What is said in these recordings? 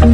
የኔ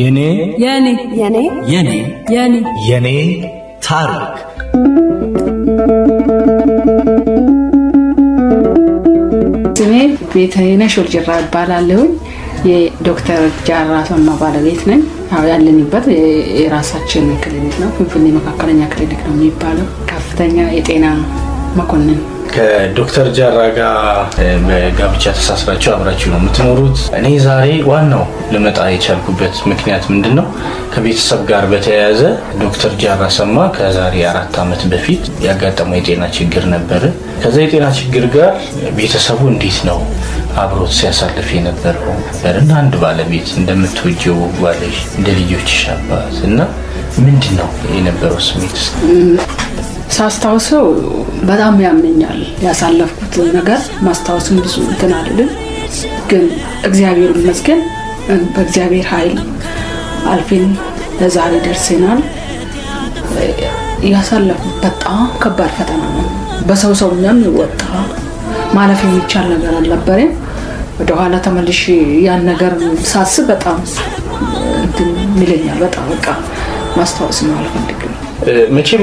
የኔ የኔ የኔ የኔ የኔ የኔ ታሪክ ስሜ ቤተይነሽ ጅራ እባላለሁኝ። የዶክተር ጃራ ባለቤት ነኝ። ያለንበት የራሳችን ክሊኒክ ነው። ፍንፍኔ መካከለኛ ክሊኒክ ነው የሚባለው። ከፍተኛ የጤና መኮንን ከዶክተር ጃራ ጋር በጋብቻ ተሳስራችሁ አብራችሁ ነው የምትኖሩት። እኔ ዛሬ ዋናው ልመጣ የቻልኩበት ምክንያት ምንድን ነው? ከቤተሰብ ጋር በተያያዘ ዶክተር ጃራ ሰማ ከዛሬ አራት ዓመት በፊት ያጋጠመው የጤና ችግር ነበረ። ከዛ የጤና ችግር ጋር ቤተሰቡ እንዴት ነው አብሮት ሲያሳልፍ የነበረው ነበር እና አንድ ባለቤት እንደምትወጀው ባለሽ እንደ ልጆች አባት እና ምንድን ነው የነበረው ስሜት? ሳስታውሰው በጣም ያመኛል። ያሳለፍኩት ነገር ማስታወስም ብዙ እንትን አልልም፣ ግን እግዚአብሔር ይመስገን በእግዚአብሔር ኃይል አልፌን ለዛሬ ደርሴናል ያሳለፍኩት በጣም ከባድ ፈተና ነው። በሰው ሰውኛም ይወጣ ማለፍ የሚቻል ነገር አልነበረም። ወደ ኋላ ያን ነገር ሳስብ በጣም እንትን ይለኛል። በጣም በቃ ማስታወስ ነው አልፈልግም። መቼም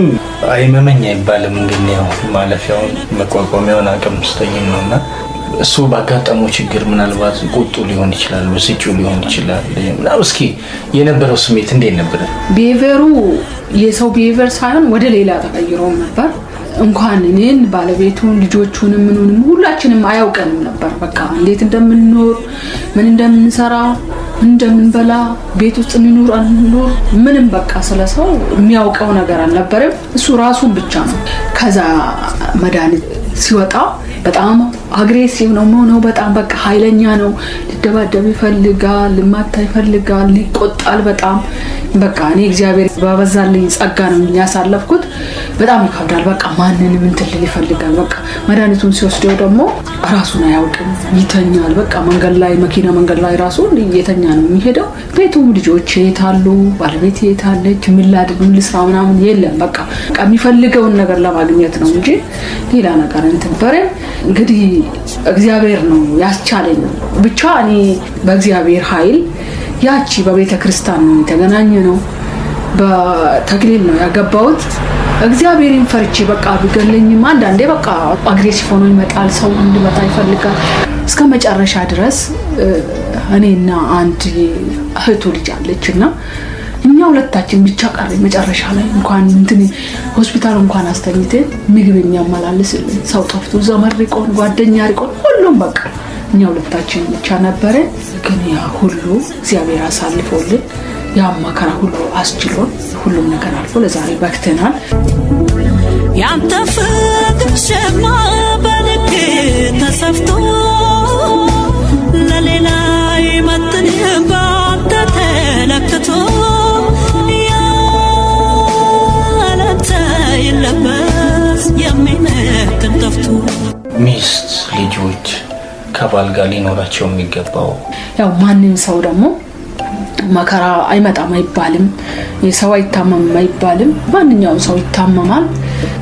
አይመመኝ አይባልም። ግን ያው ማለፊያውን መቋቋሚያውን አቅም ስተኝም ነው እና እሱ ባጋጠመው ችግር ምናልባት ቁጡ ሊሆን ይችላል፣ ብስጩ ሊሆን ይችላል። ምናምን እስኪ የነበረው ስሜት እንዴት ነበረ? ቢሄቨሩ የሰው ቢሄቨር ሳይሆን ወደ ሌላ ተቀይሮም ነበር እንኳን እኔን ባለቤቱን ልጆቹንም ምኑንም ሁላችንም አያውቀንም ነበር። በቃ እንዴት እንደምንኖር ምን እንደምንሰራ እንደምንበላ ቤት ውስጥ እንኑር አንኑር ምንም በቃ ስለ ሰው የሚያውቀው ነገር አልነበረም። እሱ ራሱን ብቻ ነው። ከዛ መድኃኒት ሲወጣ በጣም አግሬሲቭ ነው ሆኖ በጣም በቃ ኃይለኛ ነው። ልደባደብ ይፈልጋል፣ ልማታ ይፈልጋል፣ ሊቆጣል በጣም በቃ እኔ እግዚአብሔር ባበዛልኝ ጸጋ ነው ያሳለፍኩት። በጣም ይከብዳል። በቃ ማንንም እንትን ልል ይፈልጋል። በቃ መድኃኒቱን ሲወስደው ደግሞ ራሱን አያውቅም፣ ይተኛል። በቃ መንገድ ላይ መኪና መንገድ ላይ ራሱ እየተኛ ነው የሚሄደው። ቤቱም ልጆች የታሉ፣ ባለቤት የታለች፣ ምን ላድርግ፣ ምን ልስራ ምናምን የለም። በቃ የሚፈልገውን ነገር ለማግኘት ነው እንጂ ሌላ ነገር እንትን በሬ እንግዲህ እግዚአብሔር ነው ያስቻለኝ። ብቻ እኔ በእግዚአብሔር ኃይል ያቺ በቤተ ክርስቲያን ነው የተገናኘ ነው። በተክሊል ነው ያገባሁት። እግዚአብሔርን ፈርቼ በቃ ቢገለኝም አንዳንዴ በቃ አግሬሲቭ ሆኖ ይመጣል፣ ሰው እንድመጣ ይፈልጋል። እስከ መጨረሻ ድረስ እኔና አንድ እህቱ ልጅ አለች እና እኛ ሁለታችን ብቻ ቀረ። መጨረሻ ላይ እንኳን እንትን ሆስፒታል እንኳን አስተኝቴ ምግብ የሚያመላልስልን ሰው ጠፍቶ ዘመድ ርቆን ጓደኛ ርቆን ሁሉም በቃ እኛ ሁለታችን ብቻ ነበረ። ግን ያ ሁሉ እግዚአብሔር አሳልፎልን ያ መከራ ሁሉ አስችሎን ሁሉም ነገር አልፎ ለዛሬ በክተናል። ያንተ ፍቅር ሸማ በልክ ተሰፍቶ ሚስት፣ ልጆች ከባል ጋር ሊኖራቸው የሚገባው ያው ማንም ሰው ደግሞ መከራ አይመጣም አይባልም፣ የሰው አይታመምም አይባልም። ማንኛውም ሰው ይታመማል።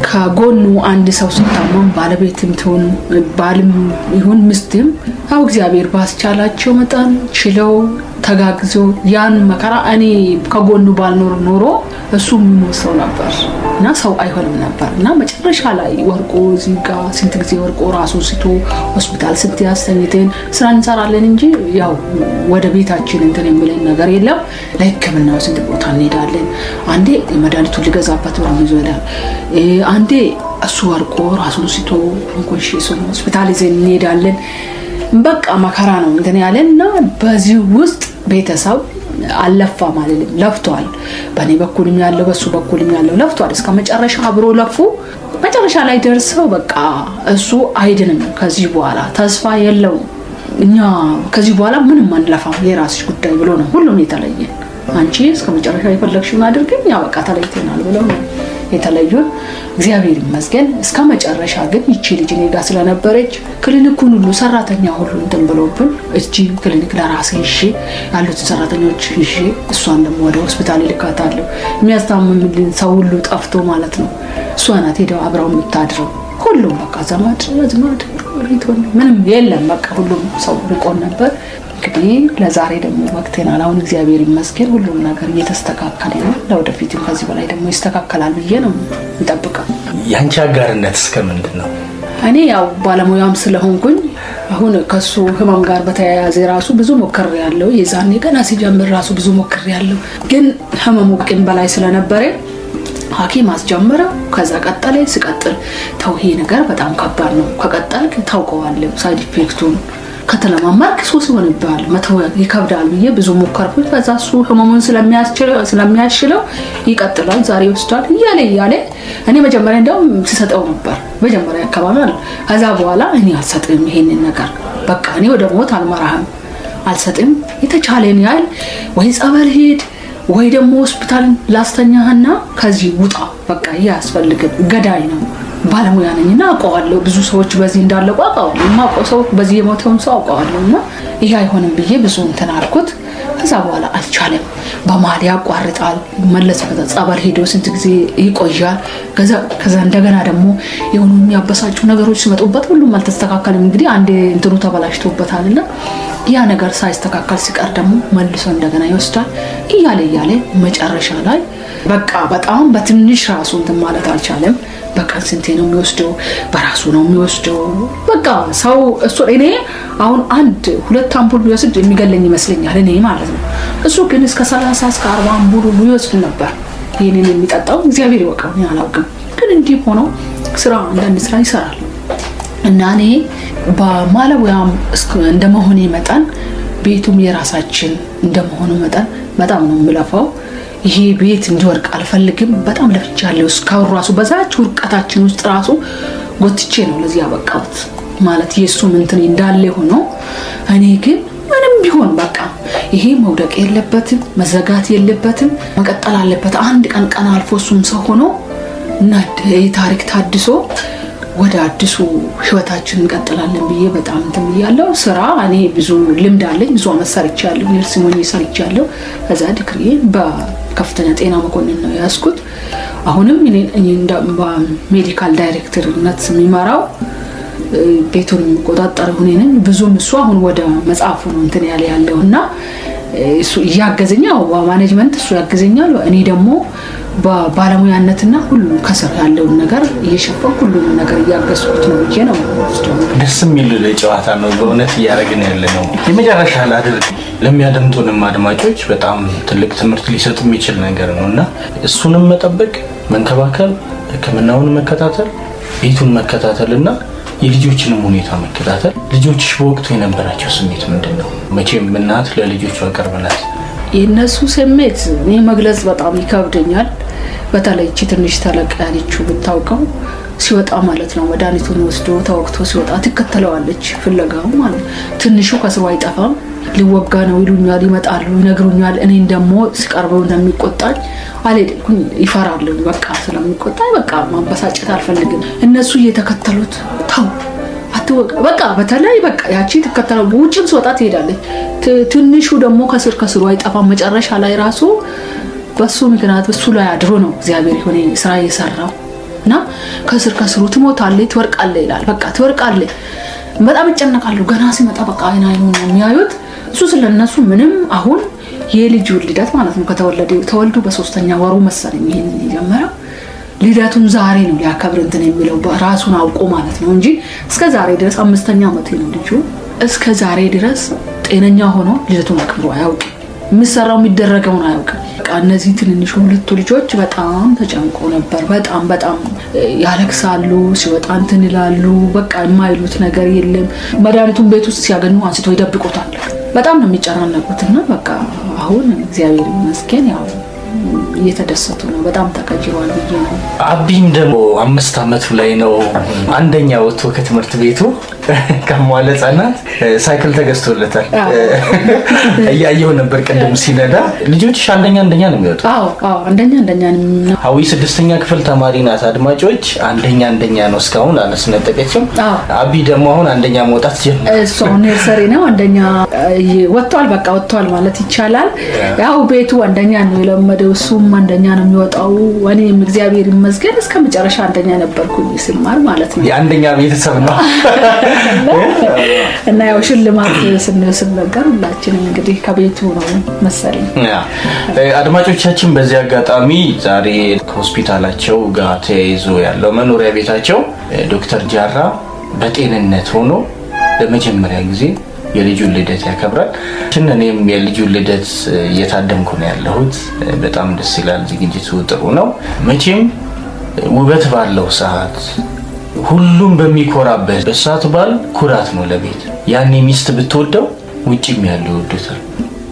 ከጎኑ አንድ ሰው ሲታመም ባለቤትም ትሁን ባልም ይሁን ምስትም ያው እግዚአብሔር ባስቻላቸው መጠን ችለው ተጋግዞ ያን መከራ እኔ ከጎኑ ባልኖር ኖሮ እሱ የሚሞት ሰው ነበር እና ሰው አይሆንም ነበር እና መጨረሻ ላይ ወርቆ እዚህ ጋ ስንት ጊዜ ወርቆ ራሱ ስቶ ሆስፒታል ስት ያስተኝትን ስራ እንሰራለን እንጂ ያው ወደ ቤታችን እንትን የሚለን ነገር የለም። ለሕክምናው ስንት ቦታ እንሄዳለን። አንዴ መድኃኒቱን ሊገዛበት ብር ይዞ ይሄዳል። አንዴ እሱ ወርቆ ራሱን ስቶ ንኮንሽ ሆስፒታል ይዘን እንሄዳለን። በቃ መከራ ነው እንትን ያለ እና በዚህ ውስጥ ቤተሰብ አለፋ አልልም፣ ለፍቷል። በእኔ በኩልም ያለው በሱ በኩልም ያለው ለፍቷል። እስከ መጨረሻ አብሮ ለፉ። መጨረሻ ላይ ደርሰው በቃ እሱ አይድንም፣ ከዚህ በኋላ ተስፋ የለው፣ እኛ ከዚህ በኋላ ምንም አንለፋም፣ የራስሽ ጉዳይ ብሎ ነው ሁሉም የተለየን። አንቺ እስከ መጨረሻ የፈለግሽውን አድርግን፣ ያ በቃ ተለይተናል ብለው ነው የተለዩን። እግዚአብሔር ይመስገን እስከ መጨረሻ ግን ይቺ ልጅ እኔ ስለነበረች ክሊኒኩን ሁሉ ሰራተኛ ሁሉ እንትን ብሎብን እቺ ክሊኒክ ለራሴ ይዤ ያሉትን ሰራተኞች ይዤ እሷን ደግሞ ወደ ሆስፒታል ይልካታለሁ። የሚያስታምምልን ሰው ሁሉ ጠፍቶ ማለት ነው። እሷ ናት ሄደው አብረው የምታድረው። ሁሉም በቃ ዘመድ አዝማድ ምንም የለም። በቃ ሁሉም ሰው ርቆን ነበር። እንግዲህ ለዛሬ ደግሞ ወቅቴናል። አሁን እግዚአብሔር ይመስገን ሁሉም ነገር እየተስተካከለ ነው። ለወደፊትም ከዚህ በላይ ደግሞ ይስተካከላል ብዬ ነው ይጠብቃል። የአንቺ አጋርነት እስከ ምንድን ነው? እኔ ያው ባለሙያም ስለሆንኩኝ አሁን ከሱ ህመም ጋር በተያያዘ ራሱ ብዙ ሞክር ያለው የዛኔ ገና ሲጀምር ራሱ ብዙ ሞክር ያለው ግን ህመሙ ቅን በላይ ስለነበረ ሐኪም አስጀመረ። ከዛ ቀጠለ። ሲቀጥል ተው ይሄ ነገር በጣም ከባድ ነው፣ ከቀጠልክ ታውቀዋለህ ሳይድ ኢፌክቱን ከተለማመርክ ሱስ ይሆንብሃል፣ መተው ይከብዳል ብዬ ብዙ ሞከርኩት። ከዛ እሱ ህመሙን ስለሚያሽለው ይቀጥላል። ዛሬ ይወስዳል እያለ እያለ እኔ መጀመሪያ እንዲያውም ሲሰጠው ነበር መጀመሪያ አካባቢ አለ። ከዛ በኋላ እኔ አልሰጥም ይሄንን ነገር በቃ እኔ ወደ ሞት አልመራህም፣ አልሰጥም። የተቻለን ያህል ወይ ጸበል ሂድ ወይ ደግሞ ሆስፒታል ላስተኛህና ከዚህ ውጣ። በቃ ይህ አያስፈልግም፣ ገዳይ ነው ባለሙያ ነኝ እና አውቀዋለሁ። ብዙ ሰዎች በዚህ እንዳለቁ አውቀዋለሁ። የማውቀው ሰው በዚህ የሞተውን ሰው አውቀዋለሁ። እና ይሄ አይሆንም ብዬ ብዙ እንትን አልኩት። ከዛ በኋላ አልቻለም። በመሀል ያቋርጣል፣ መለስ ጸበል ሄዶ ስንት ጊዜ ይቆያል። ከዛ እንደገና ደግሞ የሆኑ የሚያበሳጩ ነገሮች ሲመጡበት ሁሉም አልተስተካከልም። እንግዲህ አንዴ እንትኑ ተበላሽቶበታል እና ያ ነገር ሳይስተካከል ሲቀር ደግሞ መልሶ እንደገና ይወስዳል እያለ እያለ መጨረሻ ላይ በቃ በጣም በትንሽ ራሱ እንትን ማለት አልቻለም። በቀን ስንቴ ነው የሚወስደው? በራሱ ነው የሚወስደው። በቃ ሰው እሱ እኔ አሁን አንድ ሁለት አምፑል ቢወስድ የሚገለኝ ይመስለኛል እኔ ማለት ነው። እሱ ግን እስከ ሰላሳ እስከ አርባ አምፑል ሁሉ ይወስድ ነበር። ይህንን የሚጠጣው እግዚአብሔር ይወቀው፣ እኔ አላውቅም። ግን እንዲህ ሆኖ ስራ አንዳንድ ስራ ይሰራል እና እኔ በማለውያም እንደመሆኔ መጠን ቤቱም የራሳችን እንደመሆኑ መጠን በጣም ነው የምለፋው ይሄ ቤት እንዲወርቅ አልፈልግም። በጣም ለፍቻለሁ። እስካሁን ራሱ በዛች ውርቀታችን ውስጥ ራሱ ጎትቼ ነው ለዚህ ያበቃሁት ማለት የእሱም እንትን እንዳለ ሆኖ እኔ ግን ምንም ቢሆን በቃ ይሄ መውደቅ የለበትም መዘጋት የለበትም መቀጠል አለበት። አንድ ቀን ቀን አልፎ እሱም ሰው ሆኖ እና ታሪክ ታድሶ ወደ አዲሱ ህይወታችን እንቀጥላለን ብዬ በጣም እንትን ብያለሁ። ስራ እኔ ብዙ ልምድ አለኝ። ብዙ አመት ሰርቻለሁ። ነርሲንግ ሆኜ ሰርቻለሁ። ከዛ ዲግሪዬን ከፍተኛ ጤና መኮንን ነው የያዝኩት። አሁንም ሜዲካል ዳይሬክተርነት የሚመራው ቤቱን የሚቆጣጠር ሁኔንን ብዙም እሱ አሁን ወደ መጽሐፉ ነው እንትን ያለ ያለው እና እሱ እያገዘኛ ማኔጅመንት እሱ ያገዘኛል እኔ ደግሞ ባለሙያነትና ሁሉ ከስር ያለውን ነገር እየሸፈን ሁሉንም ነገር እያገዝኩት ነው ብዬ ነው። ደስ የሚል ጨዋታ ነው በእውነት እያደረግን ያለ ነው። የመጨረሻ ላድርግ ለሚያደምጡንም አድማጮች በጣም ትልቅ ትምህርት ሊሰጥ የሚችል ነገር ነው እና እሱንም መጠበቅ፣ መንከባከብ፣ ሕክምናውን መከታተል፣ ቤቱን መከታተል እና የልጆችንም ሁኔታ መከታተል። ልጆች በወቅቱ የነበራቸው ስሜት ምንድን ነው? መቼም እናት ለልጆቹ አቅርብናት የእነሱ ስሜት እኔ መግለጽ በጣም ይከብደኛል። በተለይ እቺ ትንሽ ተለቅ ያለችው ብታውቀው ሲወጣ ማለት ነው መድኃኒቱን ወስዶ ተወቅቶ ሲወጣ ትከተለዋለች ፍለጋው ማለት ነው። ትንሹ ከስሩ አይጠፋም። ሊወጋ ነው ይሉኛል፣ ይመጣሉ፣ ይነግሩኛል። እኔን ደግሞ ሲቀርበው እንደሚቆጣኝ አልሄድኩኝ ይፈራለኝ። በቃ ስለሚቆጣኝ በቃ ማበሳጨት አልፈልግም። እነሱ እየተከተሉት ተው በቃ በተለይ በቃ ያቺ ትከተለው ውጭም ስወጣ ትሄዳለች። ትንሹ ደግሞ ከስር ከስሩ አይጠፋም። መጨረሻ ላይ ራሱ በሱ ምክንያት እሱ ላይ አድሮ ነው እግዚአብሔር የሆነ ስራ እየሰራው እና ከስር ከስሩ ትሞታለች፣ ትወርቃለች ይላል። በቃ ትወርቃለች። በጣም ይጨነቃሉ። ገና ሲመጣ በቃ አይና ነው የሚያዩት። እሱ ስለነሱ ምንም አሁን የልጅ ልደት ማለት ነው ከተወለደ ተወልዶ በሶስተኛ ወሩ መሰለኝ ይሄን የጀመረው ልደቱን ዛሬ ነው ሊያከብር እንትን የሚለው ራሱን አውቆ ማለት ነው እንጂ እስከ ዛሬ ድረስ አምስተኛ ዓመት ነው ልጁ። እስከ ዛሬ ድረስ ጤነኛ ሆኖ ልደቱን አክብሮ አያውቅም። የሚሰራው የሚደረገውን አያውቅም። በቃ እነዚህ ትንንሽ ሁለቱ ልጆች በጣም ተጨንቆ ነበር። በጣም በጣም ያለቅሳሉ፣ ሲወጣ እንትን ይላሉ። በቃ የማይሉት ነገር የለም። መድኃኒቱን ቤት ውስጥ ሲያገኙ አንስቶ ይደብቆታል። በጣም ነው የሚጨናነቁት እና በቃ አሁን እግዚአብሔር ይመስገን ያው እየተደሰቱ ነው። በጣም ተከጅሯል ብዬ ነው። አቢም ደግሞ አምስት አመቱ ላይ ነው አንደኛ ወጥቶ ከትምህርት ቤቱ ከሟለ ህጻናት ሳይክል ተገዝቶለታል። እያየው ነበር ቅድም ሲነዳ። ልጆችሽ አንደኛ አንደኛ ነው የሚወጡ? አዎ አዎ፣ አንደኛ አንደኛ ነው። ሀዊ ስድስተኛ ክፍል ተማሪ ናት። አድማጮች አንደኛ አንደኛ ነው እስካሁን አላስነጠቀችም። አቢ ደግሞ አሁን አንደኛ መውጣት ጀመረ። እሱ አሁን ነርሰሪ ነው አንደኛ ወጥቷል። በቃ ወጥቷል ማለት ይቻላል። ያው ቤቱ አንደኛ ነው የለመደው እሱም ሁሉም አንደኛ ነው የሚወጣው። እኔም እግዚአብሔር ይመስገን እስከ መጨረሻ አንደኛ ነበርኩኝ ስማር ማለት ነው። የአንደኛ ቤተሰብ ነው እና ያው ሽልማት ስንወስድ ነገር ሁላችንም እንግዲህ ከቤቱ ነው መሰለኝ። አድማጮቻችን በዚህ አጋጣሚ ዛሬ ከሆስፒታላቸው ጋር ተያይዞ ያለው መኖሪያ ቤታቸው ዶክተር ጃራ በጤንነት ሆኖ ለመጀመሪያ ጊዜ የልጁን ልደት ያከብራል። እኔም የልጁን ልደት እየታደምኩ ነው ያለሁት። በጣም ደስ ይላል። ዝግጅቱ ጥሩ ነው። መቼም ውበት ባለው ሰዓት ሁሉም በሚኮራበት በሰዓቱ ባል ኩራት ነው ለቤት። ያኔ ሚስት ብትወደው ውጭም ያለው ይወዱታል።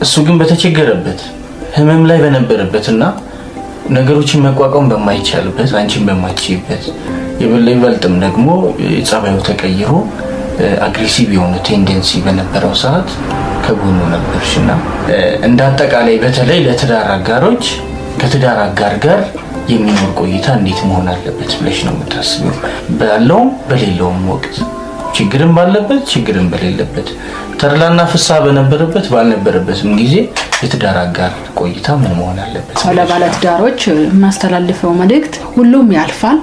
እሱ ግን በተቸገረበት ህመም ላይ በነበረበት እና ነገሮችን መቋቋም በማይቻልበት አንቺን በማይችበት ይበልጥም ደግሞ ጸባዩ ተቀይሮ አግሬሲቭ የሆኑ ቴንደንሲ በነበረው ሰዓት ከጎኑ ነበርሽ እና እንደ አጠቃላይ በተለይ ለትዳር አጋሮች ከትዳር አጋር ጋር የሚኖር ቆይታ እንዴት መሆን አለበት ብለሽ ነው የምታስቢው? ባለውም በሌለውም ወቅት ችግርም ባለበት ችግርም በሌለበት ተድላና ፍስሐ በነበረበት ባልነበረበትም ጊዜ የትዳር አጋር ቆይታ ምን መሆን አለበት? ለባለትዳሮች የማስተላልፈው መልእክት ሁሉም ያልፋል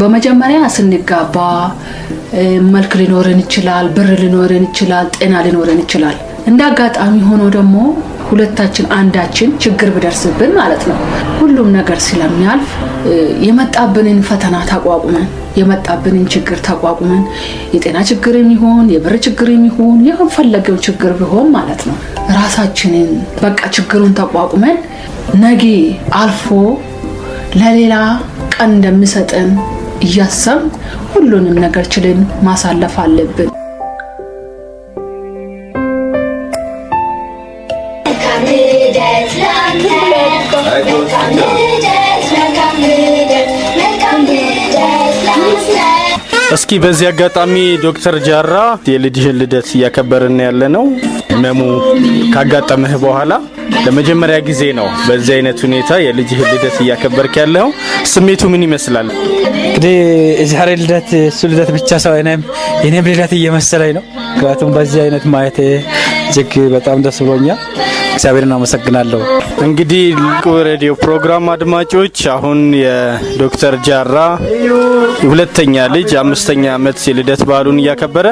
በመጀመሪያ ስንጋባ መልክ ሊኖረን ይችላል፣ ብር ሊኖረን ይችላል፣ ጤና ሊኖረን ይችላል። እንደ አጋጣሚ ሆኖ ደግሞ ሁለታችን አንዳችን ችግር ብደርስብን ማለት ነው ሁሉም ነገር ስለሚያልፍ የመጣብንን ፈተና ተቋቁመን የመጣብንን ችግር ተቋቁመን የጤና ችግር የሚሆን የብር ችግር የሚሆን የፈለገው ችግር ቢሆን ማለት ነው ራሳችንን በቃ ችግሩን ተቋቁመን ነገ አልፎ ለሌላ ቀን እንደሚሰጠን እያሰብ ሁሉንም ነገር ችልን ማሳለፍ አለብን። እስኪ በዚህ አጋጣሚ ዶክተር ጃራ የልጅህን ልደት እያከበርን ያለ ነው። ህመሙ ካጋጠመህ በኋላ ለመጀመሪያ ጊዜ ነው በዚህ አይነት ሁኔታ የልጅህ ልደት እያከበርክ ያለው። ስሜቱ ምን ይመስላል? እንግዲህ የዛሬ ልደት እሱ ልደት ብቻ ሰው አይነም የኔም ልደት እየመሰለኝ ነው። ምክንያቱም በዚህ አይነት ማየቴ እጅግ በጣም ደስ ብሎኛል። እግዚአብሔር እናመሰግናለሁ። እንግዲህ ልቁ ሬዲዮ ፕሮግራም አድማጮች አሁን የዶክተር ጃራ ሁለተኛ ልጅ አምስተኛ ዓመት የልደት በዓሉን እያከበረ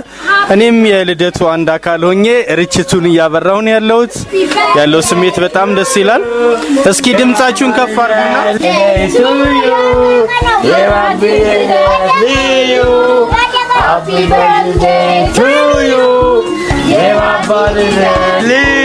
እኔም የልደቱ አንድ አካል ሆኜ ርችቱን እያበራሁን ያለሁት ያለው ስሜት በጣም ደስ ይላል። እስኪ ድምጻችሁን ከፍ አድርጉና